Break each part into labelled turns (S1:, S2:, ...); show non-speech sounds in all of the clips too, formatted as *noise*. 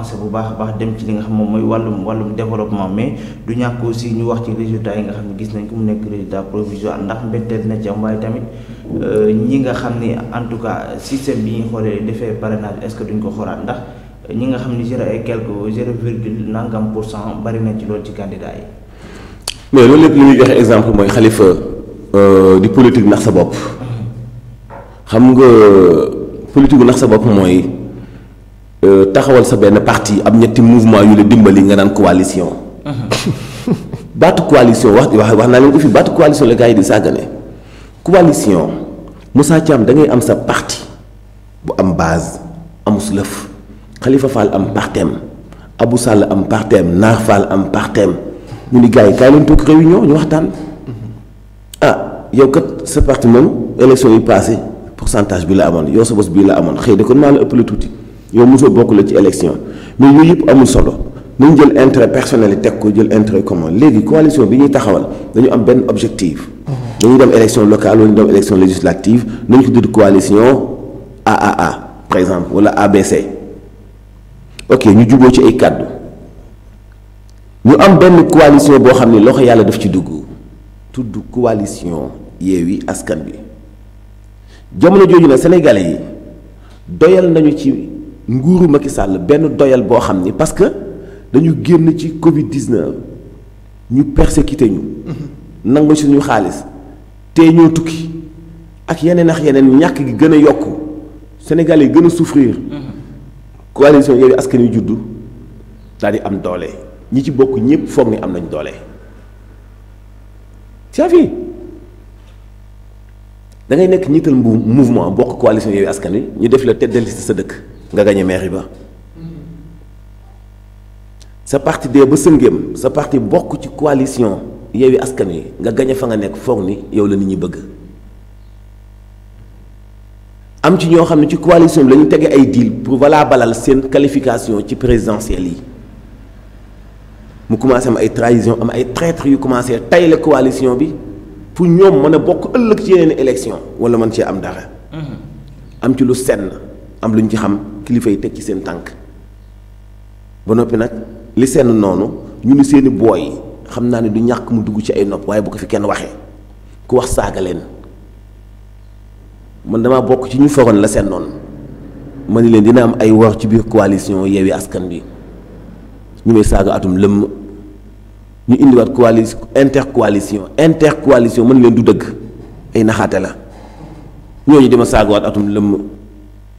S1: avancé bu baax a baax dem ci li nga xam moom mooy wàllum wàllum développement mais du ñàkk aussi ñu wax ci résultats yi nga xam ne gis nañ ko mu nekk résultat provisoire ndax mbetteel na ci am waaye tamit euh, ñi nga xam ni en tout cas système bi ñu xoolee defee parrainage est-ce que duñ ko xoolaat ndax ñi nga xam ne zéro et quelque zéro virgule nangam pour cent bari ci loolu ci candidat yi. mais loolu lépp joxe exemple mooy xalifa euh, di politique ndax sa bopp xam nga politique nax sa bopp mm-hmm. mooy. Euh, taxawal sa benn parti am ñetti mouvement yu la dimbali nga naan coalition. Uh-huh. baatu coalition wax wax wax naa leen ko fi baatu coalition la gars yi di sàggane coalition Moussa Thiam da ngay am sa parti bu am base am sulëf Khalifa Fall am partem Abou Sall am partem Nar Fall am partem ñu ni gars yi kaay leen toog réunion ñu waxtaan uh-huh. ah yow kat sa parti moom élection yi passé pourcentage bi la amoon yow sa bos bii la amoon xëy de kon maa la ëpp la tuuti yow mosoo bokk la ci élection mais yooyu yëpp amul solo nañ jël intérêt personnel yi teg ko jël intérêt commun léegi coalition bi ñuy taxawal dañu am benn objectif. dañuy dem élection locale wala ñu dem élection législative nañ ko tudd coalition AAA par exemple wala ABC. ok ñu juboo ci ay kàddu ñu am benn coalition boo xam ne loxo yàlla daf ci dugg tudd coalition Yewwi Askan bi jamono jooju nag sénégalais yi doyal nañu ci nguuru Macky Sall benn doyal bo xamni parce que dañu génn ci Covid 19 ñu persécuté ñu. nangu suñu xaalis té ñoo tukki ak yenen ak yenen ñak gi gën yokku sénégalais Sénégal yi gën a souffrir. coalition yooyu askan wi juddu daal di am doolé ñi ci bokk ñepp fogg ni am nañ doolé saa da ngay nek ñittal mouvement bokk coalition yooyu askan wi ñu def la tête de liste sa dëkk nga gagné mairie ba sa parti dee ba sëngéem sa parti bokku ci coalition Yewwi Askan Wi nga gagné fa nga nek foog ni yow la nit ñi bëgg am ci ño xamni ci coalition lañu téggé ay deal pour valaa balal sen qualification ci présidentielle yi mu commencé am ay trahison am ay traître yu commencé tay la coalition bi pour ñom mëna a bokk ëllëg ci yeneen élection wala man ci am dara mhm. am ci lu sen am luñ ci xam kilifa yi teg ci seen tànk ba noppi nag li seen noonu ñu ni seeni booy xam naa ne du ñàkk mu dugg ci ay nopp waaye bu ko fi kenn waxee ku wax saaga leen man dama bokk ci ñu foroon la seen noonu ma ni leen dina am ay war ci biir coalition Yewwi Askan Wi ñu may saaga atum lëmm ñu indiwaat coalition intercoalition intercoalition mën leen du dëgg ay naxaate la ñooñu dima saagawaat atum lëmm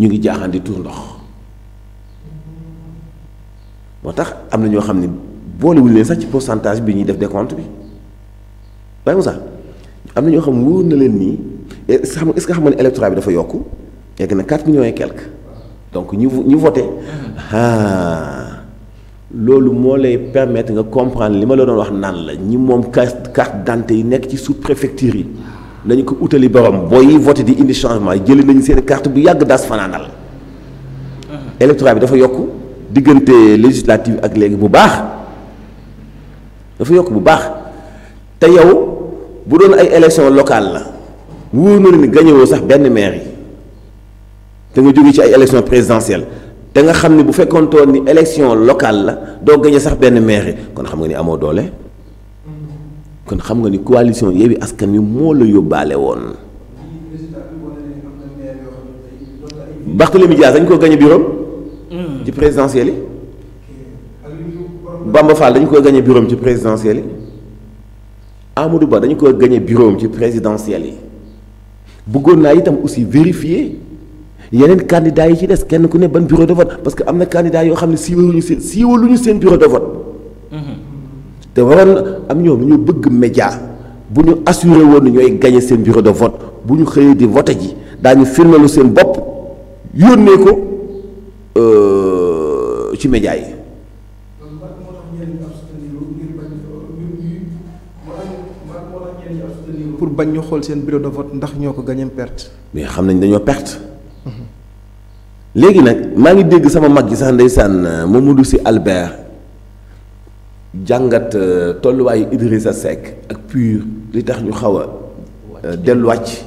S1: ñu ngi jaaxaan di ndox moo tax am na ñoo xam ne boolewuñ leen sax ci pourcentage bi ñuy def décompte bi waaye Moussa am na ñoo xam wóor na leen nii xam eh, est-ce que xam ne électorat bi dafa yokku yegg na 4 millions et quelque donc ñu ñu voté mmh. ah loolu moo lay permettre nga comprendre li ma la doon wax naan la ñi moom carte carte d'identité yi nekk ci sous-préfecture yi nañu ko utali borom boy yi voté di indi changement jël nañu seen carte bu yàgg daas fanaanal uh-huh. électorat bi dafa yokk diggante législative ak léegi bu baax dafa yokk bu baax te yow bu doon ay élection locale la wóor na ni gañewoo sax benn maire yi te nga jóge ci ay élection présidentielle te nga xam ne bu fekkoontoon ni élection locale la doo gañe sax benn maire yi kon xam nga ni amoo doole kon xam nga ni coalition Yewwi Askan Wi moo la yóbbaale woon. Barthélémy Dias dañ ko gagné bureau hmm. ci présidentiel yi. Bamba Fall dañ ko gagné bureau ci présidentiel yi. Amadou Ba dañu ko gagné bureau ci présidentiel yi. bëggoon naa itam aussi vérifier yeneen candidats yi ci des kenn ku ne ban bureau de vote parce que am na candidat yoo xam ne siiwaluñu seen siiwaluñu seen bureau de vote te waroon am ñoom ñu bëgg média bu ñu assuré woon ni ñooy gagné seen bureau de vote bu ñu xëyee di voter ji daañu firndalu seen bopp yónnee ko euh, ci média yi. pour bañ ñu xool seen bureau de vote ndax ñoo ko gagné perte. mais xam nañ dañoo perte. Mhm. léegi nag maa ngi dégg sama mag gi sax ndeysaan euh, Mamadou Sy Albert. jàngat euh, tolluwaayu Idrissa Seck ak PUR li tax ñu xaw a euh, delluwaat ci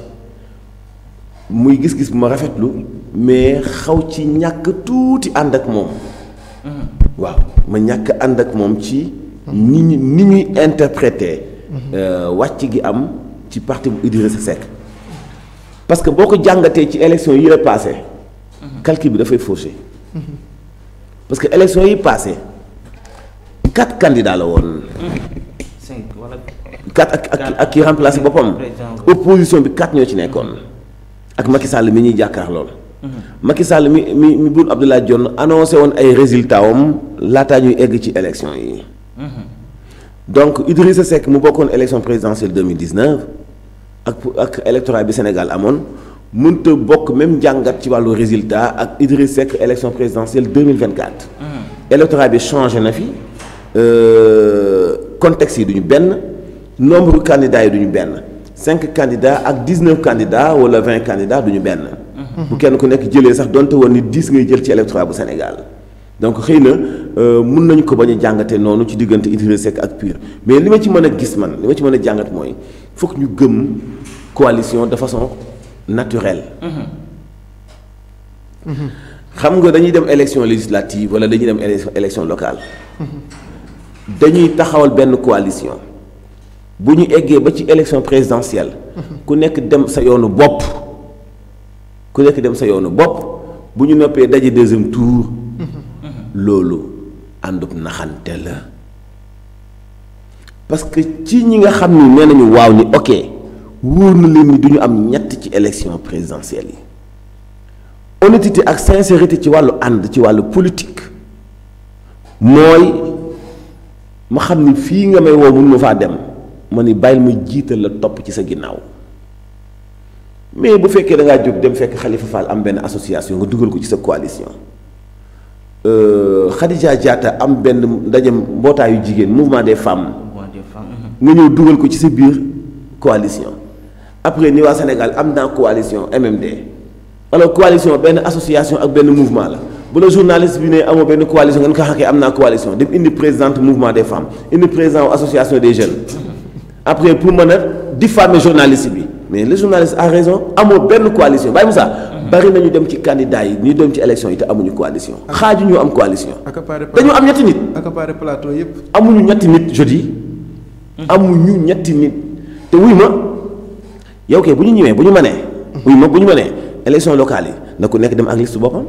S1: muy gis-gis bu ma rafetlu mais xaw ci ñàkk tuuti ànd ak moom mm-hmm. waaw ma ñàkk ànd ak moom ci ni ñu ni ñuy interpréter mm-hmm. euh, wàcc gi am ci parti bu Idrissa Seck parce que boo ko jàngatee ci élection yi la passé mm-hmm. calcul bi dafay faussé parce que élection yi passé quatre candidats là on quatre ak ak ak ki remplacé opposition bi quatre ñoo ci nekkoon. ak Macky Sall mi ñuy jàkkaar lool. Macky Sall mi mi mi boule Abdallah annoncé woon ay résultats am laataa ñuy egg ci élection yi. donc Idrissa Seck mu élection présidentielle 2019 ak ak du bi Sénégal amoon mënta bokk même njàngat ci le résultat ak Idriss Seck élection présidentielle 2024. Mm. électorat bi changé na fi. Euh, contexte yi duñu ben benn nombre candidats yi duñu ben 5 candidats ak 19 candidats wala 20 candidats duñu ben bu kenn ku nek jëlé sax donte woon ni dix ngay jël ci électorat bu Sénégal. donc xeyna euh mën nañ ko bañ jangaté nonu ci digënté Idrissa Seck ak pure mais li ci mëna gis man li ci mëna a moy mooy fokk ñu gëm coalition de façon naturelle. Mhm. xam nga dañuy dem élection législative wala dañuy dem élection élection locale. Mmh dañuy taxawal benn coalition bu ñu eggee ba ci élection présidentielle ku nekk dem sa yoonu bopp ku nekk dem sa yoonu bopp bu ñu noppee daje deuxième tour loolu àndub naxante la parce que ci ñi nga xam ni nee nañu waaw ni ok wóor na leen ni du am ñett ci élection présidentielle yi honnêteté ak sincérité ci wàllu ànd ci wàllu politique mooy ma xam ni fii nga may woo mun ma faa dem ma ni bàyyil ma jiital la topp ci sa ginnaaw mais bu fekkee da ngaa jóg dem fekk Khalifa Fall am benn association nga dugal ko ci sa coalition euh, Khadija Diatta am benn ndaje mbootaayu jigéen mouvement des femmes. Mhm. nga ñëw dugal ko ci sa biir coalition. après ni waa Sénégal am naa coalition MMD alors coalition benn association ak benn mouvement la. bu le journaliste bi coalition il ko une coalition mouvement des femmes indi présente association des jeunes après pour mën diffamer journaliste bi mais le journaliste a raison a une coalition coalition. Il bari nañu dem ci candidat yi a dem ci élection yi a une coalition. y a une coalition. dañu am ñetti nit. coalition. Il y a ñetti nit jeudi. amuñu ñetti une coalition. wuy ma yow kay coalition. Il y a wuy ma a une élection locale nous une coalition. Il dem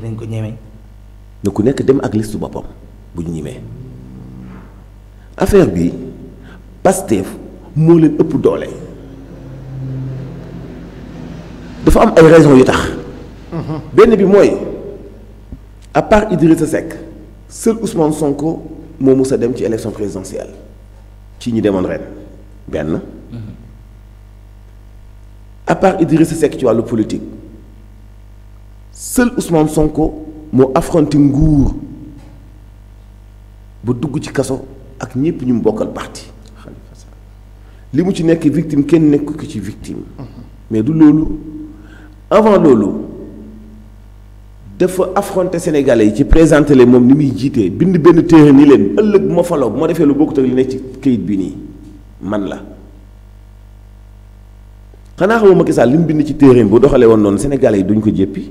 S1: dinañ ko ñeme. ne ku nekk dem ak liste boppam bu ñu ñemee affaire bi Pastef moo leen ëpp doole dafa am ay raisons yu tax. benn bi mooy à part Idrissa Seck seul Ousmane Sonko moo mus a dem ci élection présidentielle ci ñi demoon ren benn. Mhm. à part Idrissa Seck ci wàllu politique. seul Ousmane Sonko moo affronté nguur bu dugg ci kaso ak ñépp ñu mu bokkal parti li mu ci nekk victime kenn nekk ko ci victime mais du loolu avant loolu dafa afronte sénégalais yi ci présente leen moom ni muy jiitee bind benn téere ni leen ëllëg bu ma faloo bu ma defee lu bokkut ak li nekk ci këyit bi nii man la xanaa xamuma Macky Sall li mu bind ci téere bu doxalee woon noonu sénégalais yi duñ ko jéppi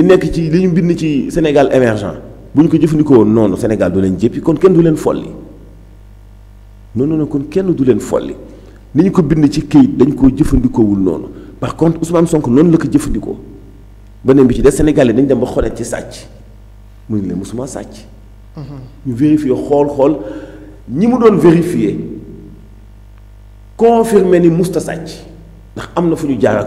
S1: nekk ci li bind ci Sénégal émergent bu ko jëfandikoo non, au Sénégal du leen kon kenn du leen folli non non kon kenn du leen folli ni ko bind ci këyit dañ koo par contre Ousmane Sonko noonu la ko jëfandikoo beneen bi ci des Sénégalais dañ dem ba ci sàcc mu ngi leen sàcc. Mhm. ñu vérifier xool xool ñi mu vérifier confirmer ni musta ndax jaar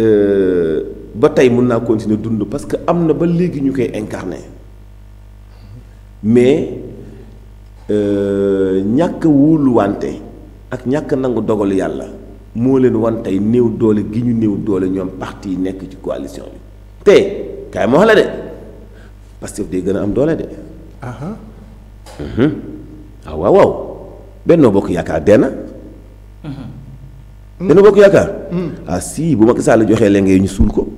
S1: Euh, ba tey mun naa continuer dund parce que am na ba léegi ñu koy incarné mais euh, ñàkk wante ak ñàkk nangu dogal yàlla moo leen wan néew doole gi ñu néew doole ñoom parti yi nekk ci coalition bi te kaay ma wax la de Pastef day gën a am doole de mhm. ah, waaw waaw waaw Benno Bokk Yaakaar dee benn hmm. bokk yaakaar hmm. ah si bu Macky Sall joxee lenge ñu suul ko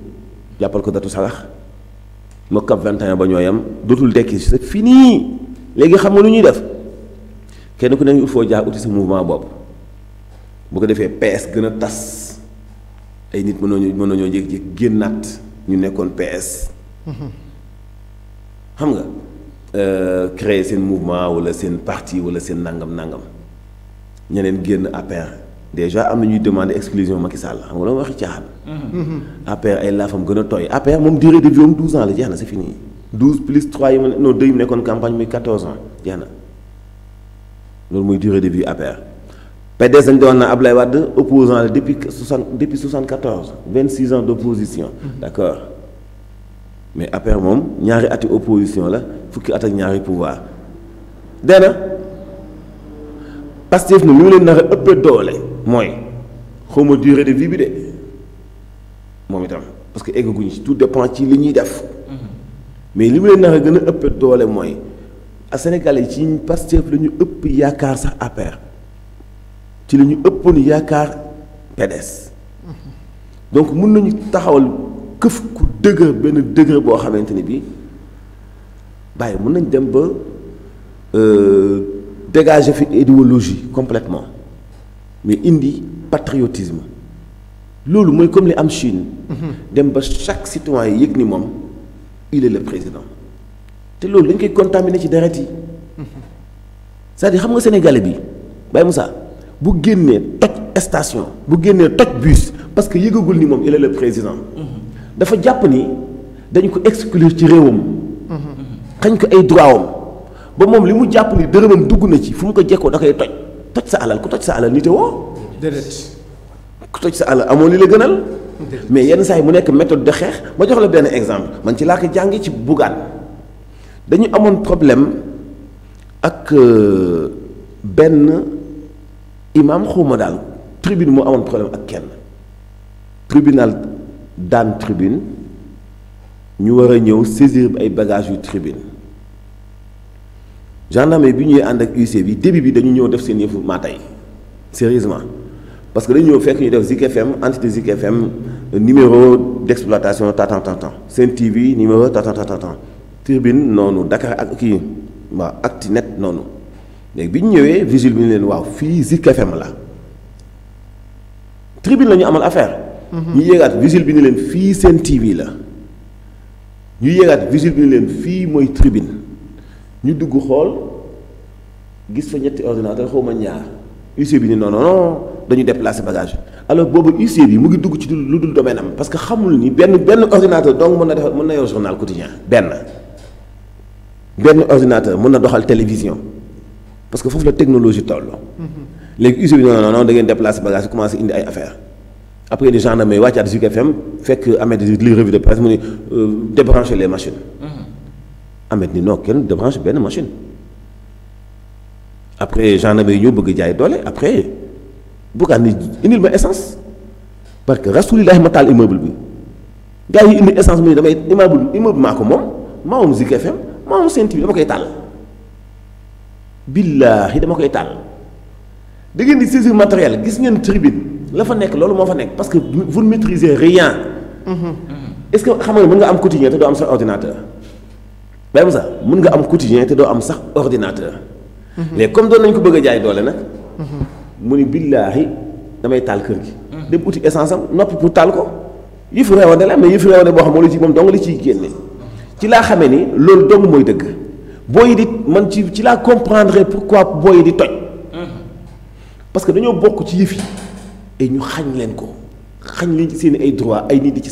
S1: jàppal ko datu salax ma cap 21 ya ba ñooyam dootul dekki c'est fini léegi xam nga lu ñuy def kenn ku ne il faut uti sa mouvement bob bu ko defee PS gën tas ay nit mënoo ñu mënoo ñoo jéeg jéeg génnaat ñu nekkoon PS *laughs* xam nga euh, créer seen mouvement wala seen parti wala nangam nangam ñeneen génn APR déjà am na ñuy demander exclusion Macky Sall xam nga loolu waxi caaxaan. Mhm. APR ay laafam gën a tooy durée de vie 12 ans la c'est fini 12 plus 3 yi non 2 yu campagne muy 14 ans jeex na moy durée de vie après PDS dañu doon na Ablaye Wade opposant depuis 1974. depuis 74 26 ans d'opposition. Mhm. d'accord mais il y ñaari une opposition la fukki at ak ñaari pouvoir D'accord na Pastef que ñu ngi leen un peu doole moy xawma durée de vie bi de parce que tout ci tout dépend ci li ñuy def mm-hmm. mais li leen naxa gëna ëpp doole mooy a Sénégal yi ci Pastef la ñu ëpp yaakaar sax APR ci ñu ëppoon yaakaar mm-hmm. donc mun nañu taxawal këf ku dëgër benn dëgër euh, dégager fi idéologie complètement mais indi patriotisme loolu moy comme les am Chine. dem ba chaque citoyen yëg ni moom il est le président té loolu lañ koy contaminé ci deret Ça dit, à xam nga sénégalais bi Baye Moussa bu génné toj station bu génné toj bus parce que yëgagul ni mom il est le président dafa japp ni dañ ko exclure ci réewam xañ ko ay droit ba mom limu japp ni deureum dugg na ci fu mu ko jekkoo da koy toj toj sa alal ku toj sa alal nite woo. déedéet. ku toj sa alal amoo li la gënal. mais yenn say mu nek méthode de xex ma jox la ben exemple man ci la ko jàngi ci Bougane dañu amone problème ak ben imam xawma dal tribune mo amone problème ak kenn tribunal dan tribune ñu wara ñew saisir ay bagages yu tribune gendarmerie bi ñuy ànd ak UC bi début bi dañu ñëw def seen yëfu maa sérieusement parce que dañu ñëw fekk ñu def Zik FM entité Zik FM numéro d' exploitation tatan tatan seen TV numéro tatan tatan Tribune noonu Dakar ak kii waaw Actinet noonu mais bi ñu ñëwee vigile bi ñu leen waaw fii Zik FM la Tribune la ñu amal affaire. Mhm. ñu yéegaat vigile bi ñu leen fii Sen TV la ñu yéegaat vigile bi ñu leen fii mooy Tribune ñu dugg xool gis fa ñetti ordinateur xaw ma ñaar huissier bi ni non non dañu déplacer bagage alors boobu huissier bi mu ngi dugg ci lu dul domaine am parce que xamul ni benn benn ordinateur donc mën na mën na yor journal quotidien benn benn ordinateur mën na doxal télévision parce que foofu la technologie toll. Mhm. léegi huissier bi non non non da ngeen déplacé bagage commencé indi ay affaire après ni gendarmerie wàccaat Zik FM fekk Ahmed li revue de presse mu euh, débrancher les machines. Mhm. Ah mais non débranche de machine après j'en avais eu, bëgg de après vous n'y une ma essence parce que rasulillahi ma immeuble bi gars yi indi essence y a damay immeuble immeuble maa Zik FM dama koy Il y dama koy matériel gis y tribune la fa Il y a parce que vous ne maîtrisez rien. Mm-hmm. est-ce que xam nga y quotidien te y am ordinateur. Baye Moussa mën nga am quotidien té do am sax ordinateur. Mhm. mais comme do nañ ko bëgg a jaay doole mhm. ni damay taal kër gi. dem outil essence am pour taal ko la mais bo xam ci mom dong li ci ci la ni man pourquoi boy di mhm. parce que nous avons ci et ñu ko seen droit ay di ci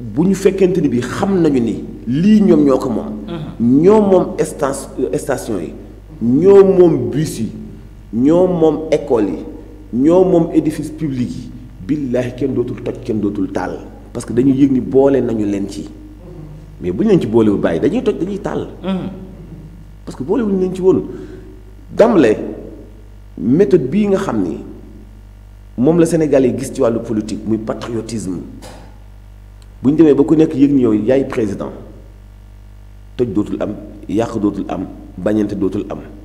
S1: bu ñu fekkente ni bi xam nañu ni lii ñoom ñoo ko moom. ñoo moom stan station yi. ñoo moom bus yi. ñoo moom école yi. ñoo moom édifice public yi. billaahi kenn dootul toj kenn dootul taal. parce que dañuy yëg ni boole nañu leen ci. mais bu ñu leen ci boolewul bàyyi dañuy toj dañuy taal. parce que boolewuñu leen ci woon. damle méthode bii nga xam ni moom la Sénégal yi gis ci wàllu politique muy patriotisme. bu ñu demee ba ku nekk yëg ñëw yaay président toj dootul am yàq dootul am bañante dootul am